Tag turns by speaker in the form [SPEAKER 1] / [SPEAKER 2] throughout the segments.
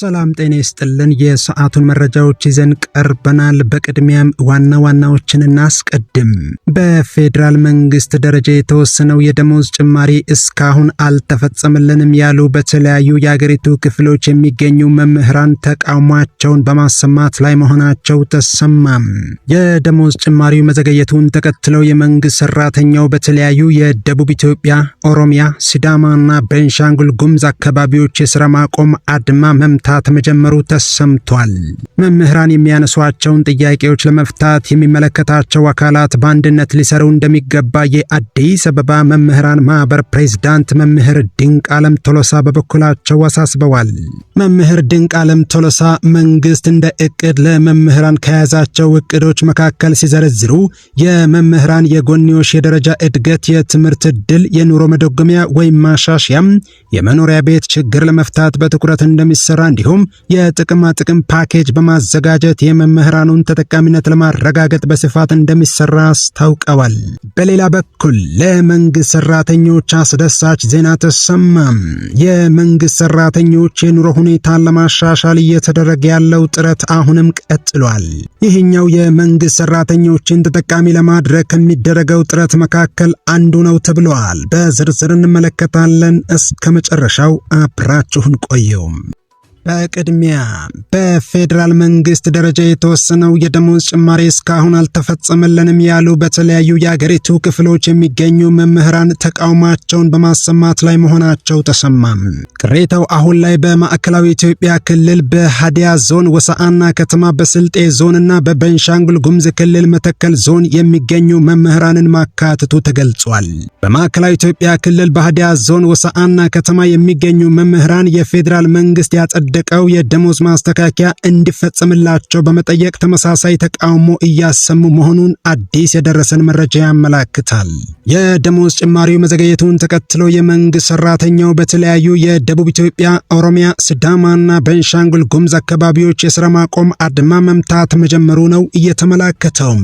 [SPEAKER 1] ሰላም ጤና ይስጥልን። የሰዓቱን መረጃዎች ይዘን ቀርበናል። በቅድሚያም ዋና ዋናዎችን እናስቀድም። በፌዴራል መንግስት ደረጃ የተወሰነው የደሞዝ ጭማሪ እስካሁን አልተፈጸምልንም ያሉ በተለያዩ የአገሪቱ ክፍሎች የሚገኙ መምህራን ተቃውሟቸውን በማሰማት ላይ መሆናቸው ተሰማም። የደሞዝ ጭማሪው መዘገየቱን ተከትለው የመንግስት ሰራተኛው በተለያዩ የደቡብ ኢትዮጵያ፣ ኦሮሚያ፣ ሲዳማና ቤንሻንጉል ጉምዝ አካባቢዎች የስራ ማቆም አድማ መምታ መፈታት መጀመሩ ተሰምቷል። መምህራን የሚያነሷቸውን ጥያቄዎች ለመፍታት የሚመለከታቸው አካላት በአንድነት ሊሰሩ እንደሚገባ የአዲስ አበባ መምህራን ማህበር ፕሬዝዳንት መምህር ድንቅ አለም ቶሎሳ በበኩላቸው አሳስበዋል። መምህር ድንቅ አለም ቶሎሳ መንግስት እንደ እቅድ ለመምህራን ከያዛቸው እቅዶች መካከል ሲዘረዝሩ የመምህራን የጎንዮሽ የደረጃ እድገት፣ የትምህርት እድል የኑሮ መደጎሚያ ወይም ማሻሻያም፣ የመኖሪያ ቤት ችግር ለመፍታት በትኩረት እንደሚሰራ እንዲሁም የጥቅማ ጥቅም ፓኬጅ በማዘጋጀት የመምህራኑን ተጠቃሚነት ለማረጋገጥ በስፋት እንደሚሰራ አስታውቀዋል። በሌላ በኩል ለመንግስት ሰራተኞች አስደሳች ዜና ተሰማም። የመንግስት ሰራተኞች የኑሮ ሁኔታን ለማሻሻል እየተደረገ ያለው ጥረት አሁንም ቀጥሏል። ይህኛው የመንግስት ሰራተኞችን ተጠቃሚ ለማድረግ ከሚደረገው ጥረት መካከል አንዱ ነው ተብለዋል። በዝርዝር እንመለከታለን። እስከ መጨረሻው አብራችሁን ቆየውም በቅድሚያ በፌዴራል መንግስት ደረጃ የተወሰነው የደሞዝ ጭማሪ እስካሁን አልተፈጸመልንም ያሉ በተለያዩ የአገሪቱ ክፍሎች የሚገኙ መምህራን ተቃውሟቸውን በማሰማት ላይ መሆናቸው ተሰማም። ቅሬታው አሁን ላይ በማዕከላዊ ኢትዮጵያ ክልል በሀዲያ ዞን ወሰአና ከተማ፣ በስልጤ ዞንና በበንሻንጉል ጉምዝ ክልል መተከል ዞን የሚገኙ መምህራንን ማካተቱ ተገልጿል። በማዕከላዊ ኢትዮጵያ ክልል በሀዲያ ዞን ወሰአና ከተማ የሚገኙ መምህራን የፌዴራል መንግስት ያጸደ የጸደቀው የደሞዝ ማስተካከያ እንዲፈጸምላቸው በመጠየቅ ተመሳሳይ ተቃውሞ እያሰሙ መሆኑን አዲስ የደረሰን መረጃ ያመላክታል። የደሞዝ ጭማሪው መዘገየቱን ተከትሎ የመንግስት ሰራተኛው በተለያዩ የደቡብ ኢትዮጵያ፣ ኦሮሚያ፣ ሲዳማና በንሻንጉል ጉምዝ አካባቢዎች የስራ ማቆም አድማ መምታት መጀመሩ ነው እየተመላከተው።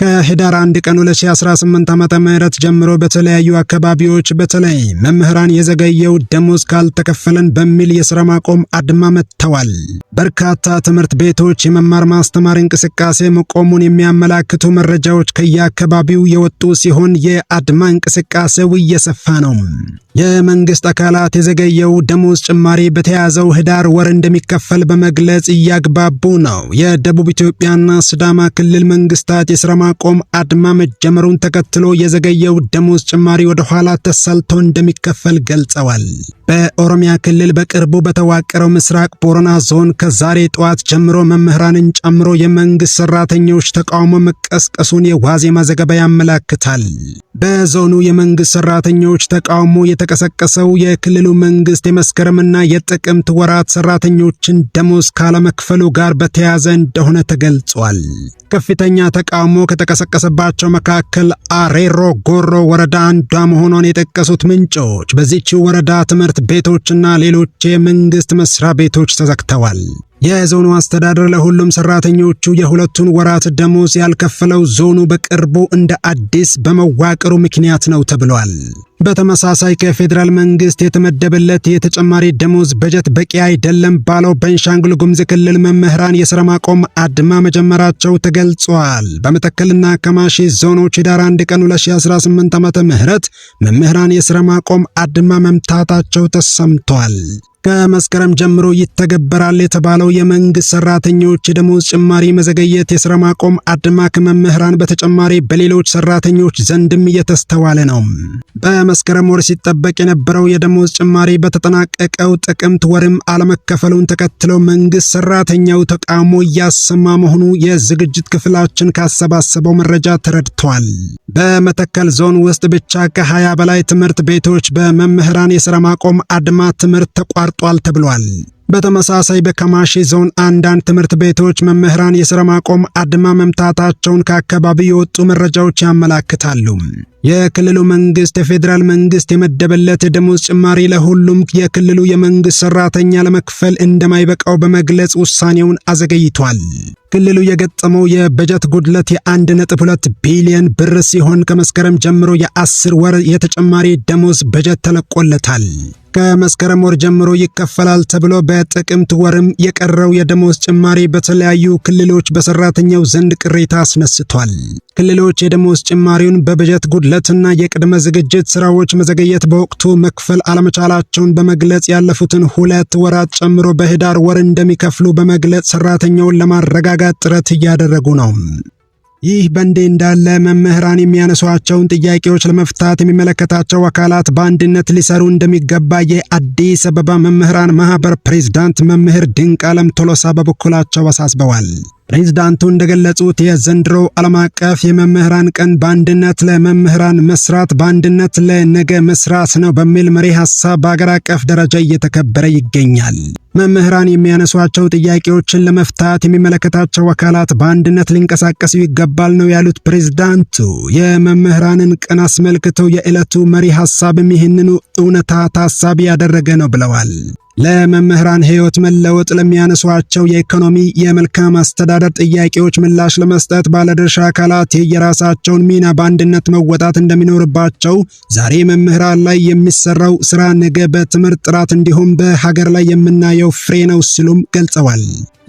[SPEAKER 1] ከህዳር 1 ቀን 2018 ዓመተ ምህረት ጀምሮ በተለያዩ አካባቢዎች በተለይ መምህራን የዘገየው ደሞዝ ካልተከፈለን በሚል የሥራ ማቆም አድማ መጥተዋል። በርካታ ትምህርት ቤቶች የመማር ማስተማር እንቅስቃሴ መቆሙን የሚያመላክቱ መረጃዎች ከየአካባቢው የወጡ ሲሆን የአድማ እንቅስቃሴው እየሰፋ ነው። የመንግስት አካላት የዘገየው ደሞዝ ጭማሪ በተያዘው ህዳር ወር እንደሚከፈል በመግለጽ እያግባቡ ነው። የደቡብ ኢትዮጵያና ስዳማ ክልል መንግስታት የስራ ማቆም አድማ መጀመሩን ተከትሎ የዘገየው ደሞዝ ጭማሪ ወደ ኋላ እንደሚከፈል ገልጸዋል። በኦሮሚያ ክልል በቅርቡ በተዋቀረው ምስራቅ ቦረና ዞን ከዛሬ ጠዋት ጀምሮ መምህራንን ጨምሮ የመንግስት ሰራተኞች ተቃውሞ መቀስቀሱን የዋዜማ ዘገባ ያመላክታል። በዞኑ የመንግስት ሰራተኞች ተቃውሞ የተቀሰቀሰው የክልሉ መንግስት የመስከረምና የጥቅምት ወራት ሰራተኞችን ደሞዝ ካለመክፈሉ ጋር በተያያዘ እንደሆነ ተገልጿል። ከፍተኛ ተቃውሞ ከተቀሰቀሰባቸው መካከል አሬሮ ጎሮ ወረዳ አንዷ መሆኗን የጠቀሱት ምንጮች በዚህች ወረዳ ትምህርት ትምህርት ቤቶችና ሌሎች የመንግስት መስሪያ ቤቶች ተዘግተዋል። የዞኑ አስተዳደር ለሁሉም ሰራተኞቹ የሁለቱን ወራት ደሞዝ ያልከፈለው ዞኑ በቅርቡ እንደ አዲስ በመዋቅሩ ምክንያት ነው ተብሏል። በተመሳሳይ ከፌዴራል መንግስት የተመደበለት የተጨማሪ ደሞዝ በጀት በቂ አይደለም ባለው በቤንሻንጉል ጉሙዝ ክልል መምህራን የስራ ማቆም አድማ መጀመራቸው ተገልጿል። በመተከልና ከማሺ ዞኖች ኅዳር 1 ቀን 2018 ዓመተ ምህረት መምህራን የስራ ማቆም አድማ መምታታቸው ተሰምቷል። ከመስከረም ጀምሮ ይተገበራል የተባለው የመንግስት ሰራተኞች የደሞዝ ጭማሪ መዘገየት የስራ ማቆም አድማ ከመምህራን በተጨማሪ በሌሎች ሰራተኞች ዘንድም እየተስተዋለ ነው። መስከረም ወር ሲጠበቅ የነበረው የደሞዝ ጭማሪ በተጠናቀቀው ጥቅምት ወርም አለመከፈሉን ተከትሎ መንግስት ሰራተኛው ተቃውሞ እያሰማ መሆኑ የዝግጅት ክፍላችን ካሰባሰበው መረጃ ተረድቷል። በመተከል ዞን ውስጥ ብቻ ከ20 በላይ ትምህርት ቤቶች በመምህራን የሥራ ማቆም አድማ ትምህርት ተቋርጧል ተብሏል። በተመሳሳይ በከማሺ ዞን አንዳንድ ትምህርት ቤቶች መምህራን የሥራ ማቆም አድማ መምታታቸውን ከአካባቢው የወጡ መረጃዎች ያመላክታሉ። የክልሉ መንግስት የፌዴራል መንግስት የመደበለት ደሞዝ ጭማሪ ለሁሉም የክልሉ የመንግስት ሰራተኛ ለመክፈል እንደማይበቃው በመግለጽ ውሳኔውን አዘገይቷል። ክልሉ የገጠመው የበጀት ጉድለት የ1.2 ቢሊዮን ብር ሲሆን ከመስከረም ጀምሮ የ10 ወር የተጨማሪ ደሞዝ በጀት ተለቆለታል። ከመስከረም ወር ጀምሮ ይከፈላል ተብሎ በጥቅምት ወርም የቀረው የደሞዝ ጭማሪ በተለያዩ ክልሎች በሰራተኛው ዘንድ ቅሬታ አስነስቷል። ክልሎች የደሞዝ ጭማሪውን በበጀት ጉድለትና የቅድመ ዝግጅት ስራዎች መዘገየት በወቅቱ መክፈል አለመቻላቸውን በመግለጽ ያለፉትን ሁለት ወራት ጨምሮ በህዳር ወር እንደሚከፍሉ በመግለጽ ሰራተኛውን ለማረጋ። ለማረጋጋት ጥረት እያደረጉ ነው። ይህ በእንዲህ እንዳለ መምህራን የሚያነሷቸውን ጥያቄዎች ለመፍታት የሚመለከታቸው አካላት በአንድነት ሊሰሩ እንደሚገባ የአዲስ አበባ መምህራን ማህበር ፕሬዝዳንት መምህር ድንቅ አለም ቶሎሳ በበኩላቸው አሳስበዋል። ፕሬዝዳንቱ እንደገለጹት የዘንድሮ ዓለም አቀፍ የመምህራን ቀን በአንድነት ለመምህራን መስራት በአንድነት ለነገ መስራት ነው በሚል መሪ ሐሳብ በአገር አቀፍ ደረጃ እየተከበረ ይገኛል። መምህራን የሚያነሷቸው ጥያቄዎችን ለመፍታት የሚመለከታቸው አካላት በአንድነት ሊንቀሳቀሱ ይገባል ነው ያሉት ፕሬዝዳንቱ። የመምህራንን ቀን አስመልክተው የዕለቱ መሪ ሐሳብም ይህንኑ እውነታ ታሳቢ ያደረገ ነው ብለዋል። ለመምህራን ህይወት መለወጥ ለሚያነሷቸው የኢኮኖሚ፣ የመልካም አስተዳደር ጥያቄዎች ምላሽ ለመስጠት ባለድርሻ አካላት የየራሳቸውን ሚና በአንድነት መወጣት እንደሚኖርባቸው ዛሬ መምህራን ላይ የሚሰራው ስራ ነገ በትምህርት ጥራት እንዲሁም በሀገር ላይ የምናየው ፍሬ ነው ሲሉም ገልጸዋል።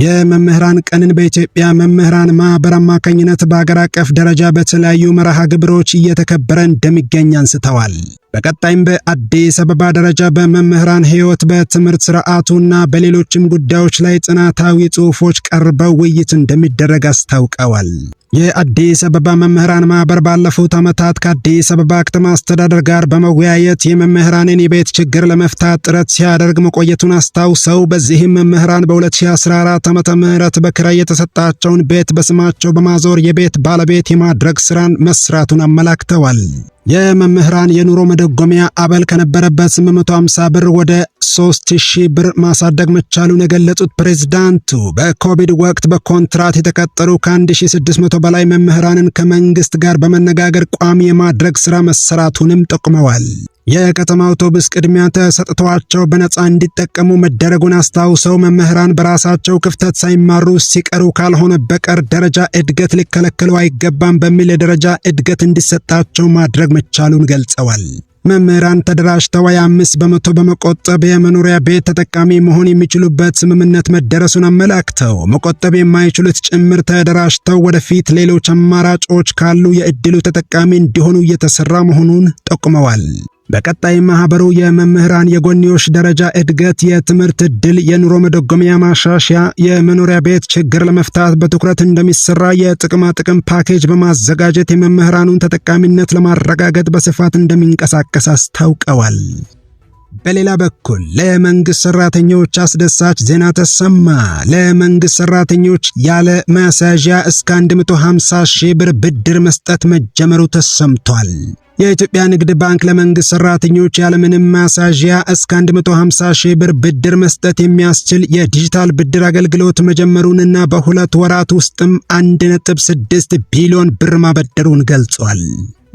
[SPEAKER 1] የመምህራን ቀንን በኢትዮጵያ መምህራን ማህበር አማካኝነት በአገር አቀፍ ደረጃ በተለያዩ መርሃ ግብሮች እየተከበረ እንደሚገኝ አንስተዋል። በቀጣይም በአዲስ አበባ ደረጃ በመምህራን ህይወት በትምህርት ስርዓቱና በሌሎችም ጉዳዮች ላይ ጥናታዊ ጽሑፎች ቀርበው ውይይት እንደሚደረግ አስታውቀዋል። የአዲስ አበባ መምህራን ማህበር ባለፉት ዓመታት ከአዲስ አበባ ከተማ አስተዳደር ጋር በመወያየት የመምህራንን የቤት ችግር ለመፍታት ጥረት ሲያደርግ መቆየቱን አስታውሰው በዚህም መምህራን በ2014 ዓመተ ምህረት በክራይ የተሰጣቸውን ቤት በስማቸው በማዞር የቤት ባለቤት የማድረግ ስራን መስራቱን አመላክተዋል። የመምህራን የኑሮ መደጎሚያ አበል ከነበረበት 850 ብር ወደ 3000 ብር ማሳደግ መቻሉን የገለጹት ፕሬዝዳንቱ በኮቪድ ወቅት በኮንትራት የተቀጠሩ ከ1600 በላይ መምህራንን ከመንግስት ጋር በመነጋገር ቋሚ የማድረግ ስራ መሰራቱንም ጠቁመዋል። የከተማ አውቶቡስ ቅድሚያ ተሰጥቷቸው በነፃ እንዲጠቀሙ መደረጉን አስታውሰው መምህራን በራሳቸው ክፍተት ሳይማሩ ሲቀሩ ካልሆነ በቀር ደረጃ እድገት ሊከለከሉ አይገባም በሚል የደረጃ እድገት እንዲሰጣቸው ማድረግ መቻሉን ገልጸዋል። መምህራን ተደራጅተው አምስት በመቶ በመቆጠብ የመኖሪያ ቤት ተጠቃሚ መሆን የሚችሉበት ስምምነት መደረሱን አመላክተው መቆጠብ የማይችሉት ጭምር ተደራጅተው ወደፊት ሌሎች አማራጮች ካሉ የእድሉ ተጠቃሚ እንዲሆኑ እየተሰራ መሆኑን ጠቁመዋል። በቀጣይ ማህበሩ የመምህራን የጎንዮሽ ደረጃ እድገት፣ የትምህርት እድል የኑሮ መደጎሚያ ማሻሻያ፣ የመኖሪያ ቤት ችግር ለመፍታት በትኩረት እንደሚሰራ የጥቅማ ጥቅም ፓኬጅ በማዘጋጀት የመምህራኑን ተጠቃሚነት ለማረጋገጥ በስፋት እንደሚንቀሳቀስ አስታውቀዋል። በሌላ በኩል ለመንግስት ሰራተኞች አስደሳች ዜና ተሰማ። ለመንግስት ሰራተኞች ያለ ማሳዣ እስከ 150 ሺህ ብር ብድር መስጠት መጀመሩ ተሰምቷል። የኢትዮጵያ ንግድ ባንክ ለመንግስት ሰራተኞች ያለምንም ማሳዣ እስከ 150 ሺህ ብር ብድር መስጠት የሚያስችል የዲጂታል ብድር አገልግሎት መጀመሩንና በሁለት ወራት ውስጥም 1.6 ቢሊዮን ብር ማበደሩን ገልጿል።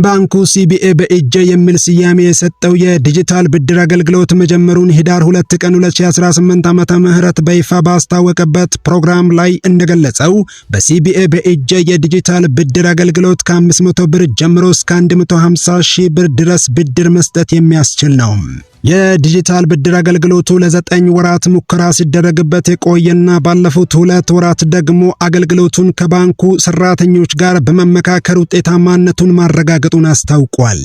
[SPEAKER 1] ባንኩ ሲቢኤ በእጄ የሚል ስያሜ የሰጠው የዲጂታል ብድር አገልግሎት መጀመሩን ህዳር 2 ቀን 2018 ዓ ምህረት በይፋ ባስታወቀበት ፕሮግራም ላይ እንደገለጸው በሲቢኤ በእጄ የዲጂታል ብድር አገልግሎት ከ500 ብር ጀምሮ እስከ 150 ሺህ ብር ድረስ ብድር መስጠት የሚያስችል ነው። የዲጂታል ብድር አገልግሎቱ ለዘጠኝ ወራት ሙከራ ሲደረግበት የቆየና ባለፉት ሁለት ወራት ደግሞ አገልግሎቱን ከባንኩ ሰራተኞች ጋር በመመካከር ውጤታማነቱን ማረጋገጡን አስታውቋል።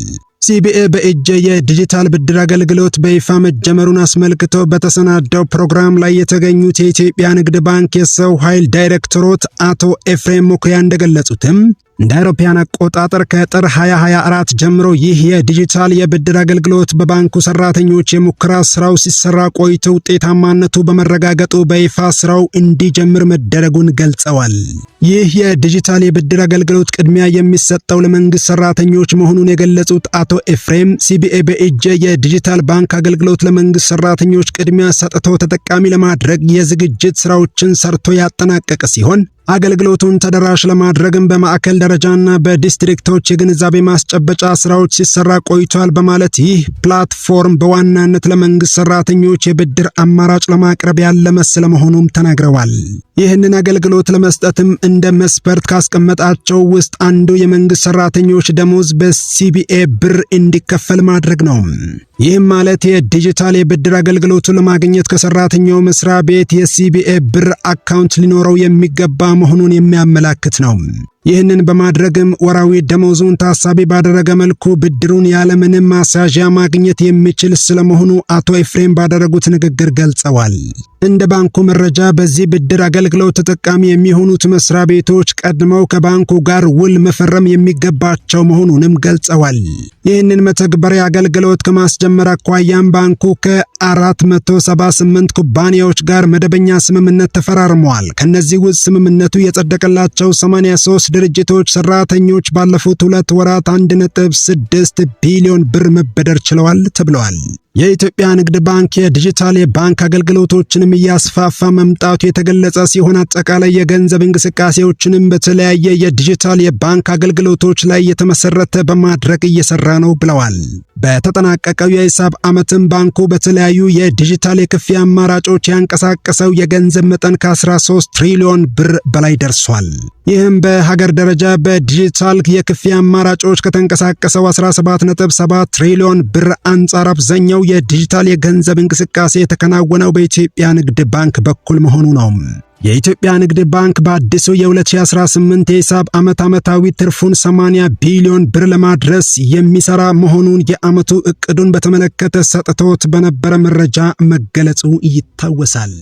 [SPEAKER 1] ሲቢኤ በእጀ የዲጂታል ብድር አገልግሎት በይፋ መጀመሩን አስመልክቶ በተሰናዳው ፕሮግራም ላይ የተገኙት የኢትዮጵያ ንግድ ባንክ የሰው ኃይል ዳይሬክተሮት አቶ ኤፍሬም ሞኩያ እንደገለጹትም እንደ አውሮፓውያን አቆጣጠር ከጥር 2024 ጀምሮ ይህ የዲጂታል የብድር አገልግሎት በባንኩ ሰራተኞች የሙከራ ስራው ሲሰራ ቆይቶ ውጤታማነቱ በመረጋገጡ በይፋ ስራው እንዲጀምር መደረጉን ገልጸዋል። ይህ የዲጂታል የብድር አገልግሎት ቅድሚያ የሚሰጠው ለመንግስት ሰራተኞች መሆኑን የገለጹት አቶ ኤፍሬም ሲቢኤ በእጄ የዲጂታል ባንክ አገልግሎት ለመንግስት ሰራተኞች ቅድሚያ ሰጥቶ ተጠቃሚ ለማድረግ የዝግጅት ስራዎችን ሰርቶ ያጠናቀቀ ሲሆን አገልግሎቱን ተደራሽ ለማድረግም በማዕከል ደረጃና በዲስትሪክቶች የግንዛቤ ማስጨበጫ ስራዎች ሲሰራ ቆይቷል በማለት ይህ ፕላትፎርም በዋናነት ለመንግስት ሰራተኞች የብድር አማራጭ ለማቅረብ ያለመ ስለመሆኑም ተናግረዋል። ይህንን አገልግሎት ለመስጠትም እንደ መስፈርት ካስቀመጣቸው ውስጥ አንዱ የመንግስት ሰራተኞች ደሞዝ በሲቢኤ ብር እንዲከፈል ማድረግ ነው። ይህም ማለት የዲጂታል የብድር አገልግሎቱ ለማግኘት ከሰራተኛው መስሪያ ቤት የሲቢኤ ብር አካውንት ሊኖረው የሚገባ መሆኑን የሚያመላክት ነው። ይህንን በማድረግም ወራዊ ደመወዙን ታሳቢ ባደረገ መልኩ ብድሩን ያለምንም ማስያዣ ማግኘት የሚችል ስለመሆኑ አቶ ኤፍሬም ባደረጉት ንግግር ገልጸዋል። እንደ ባንኩ መረጃ በዚህ ብድር አገልግሎት ተጠቃሚ የሚሆኑት መስሪያ ቤቶች ቀድመው ከባንኩ ጋር ውል መፈረም የሚገባቸው መሆኑንም ገልጸዋል። ይህንን መተግበሪያ አገልግሎት ከማስጀመር አኳያም ባንኩ ከ478 ኩባንያዎች ጋር መደበኛ ስምምነት ተፈራርመዋል። ከነዚህ ውስጥ ስምምነቱ የጸደቀላቸው 83 ድርጅቶች ሰራተኞች ባለፉት ሁለት ወራት 1.6 ቢሊዮን ብር መበደር ችለዋል ተብለዋል። የኢትዮጵያ ንግድ ባንክ የዲጂታል የባንክ አገልግሎቶችንም እያስፋፋ መምጣቱ የተገለጸ ሲሆን አጠቃላይ የገንዘብ እንቅስቃሴዎችንም በተለያየ የዲጂታል የባንክ አገልግሎቶች ላይ የተመሰረተ በማድረግ እየሰራ ነው ብለዋል። በተጠናቀቀው የሂሳብ ዓመትም ባንኩ በተለያዩ የዲጂታል የክፍያ አማራጮች ያንቀሳቀሰው የገንዘብ መጠን ከ13 ትሪሊዮን ብር በላይ ደርሷል። ይህም በሀገር ደረጃ በዲጂታል የክፍያ አማራጮች ከተንቀሳቀሰው 17.7 ትሪሊዮን ብር አንጻር አብዛኛው የዲጂታል የገንዘብ እንቅስቃሴ የተከናወነው በኢትዮጵያ ንግድ ባንክ በኩል መሆኑ ነው። የኢትዮጵያ ንግድ ባንክ በአዲሱ የ2018 የሂሳብ ዓመት ዓመታዊ ትርፉን 80 ቢሊዮን ብር ለማድረስ የሚሰራ መሆኑን የዓመቱ እቅዱን በተመለከተ ሰጥቶት በነበረ መረጃ መገለጹ ይታወሳል።